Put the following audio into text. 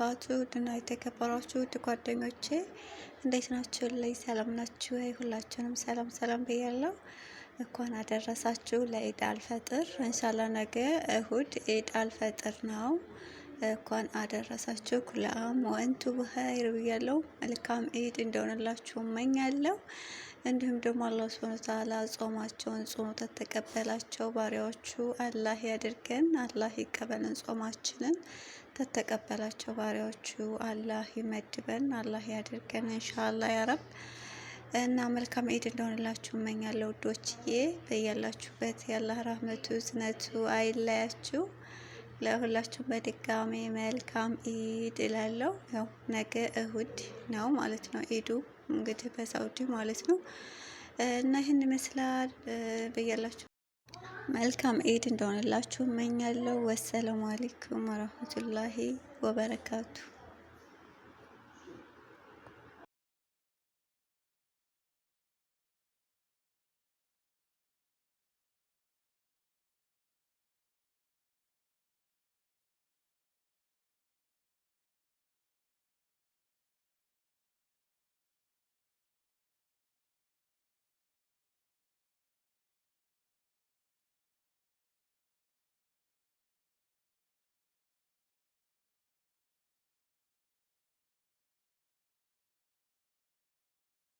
ወበረካቱ ድና የተከበራችሁ ውድ ጓደኞቼ እንዴት ናችሁ? ላይ ሰላም ናችሁ? ሁላችሁንም ሰላም ሰላም ብያለሁ። እንኳን አደረሳችሁ ለኢድ አልፈጥር። እንሻላ ነገ እሁድ ኢድ አልፈጥር ነው። እንኳን አደረሳችሁ። ኩለአም ወንቱ ብኸይር ብያለሁ። መልካም ኢድ እንደሆነላችሁ እመኛለሁ። እንዲሁም ደግሞ አላህ ሱብሃነሁ ወተዓላ ጾማቸውን ጾሙ ተተቀበላቸው ባሪያዎቹ አላህ ያድርገን። አላህ ይቀበልን ጾማችንን ተተቀበላቸው ባሪያዎቹ አላህ ይመድበን፣ አላህ ያድርገን ኢንሻአላህ ያረብ እና መልካም ኢድ እንደሆነላችሁ እመኛለሁ ውዶችዬ። በያላችሁበት የአላህ ራህመቱ ዝነቱ አይለያችሁ። ለሁላችሁም በድጋሚ መልካም ኢድ እላለሁ። ያው ነገ እሁድ ነው ማለት ነው። ኢዱ እንግዲህ በሳውዲ ማለት ነው እና ይህን ይመስላል በያላችሁ መልካም ኢድ እንደሆነላችሁ እመኛለሁ። ወሰላሙ አሌይኩም ወረህመቱላሂ ወበረካቱሁ።